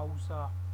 a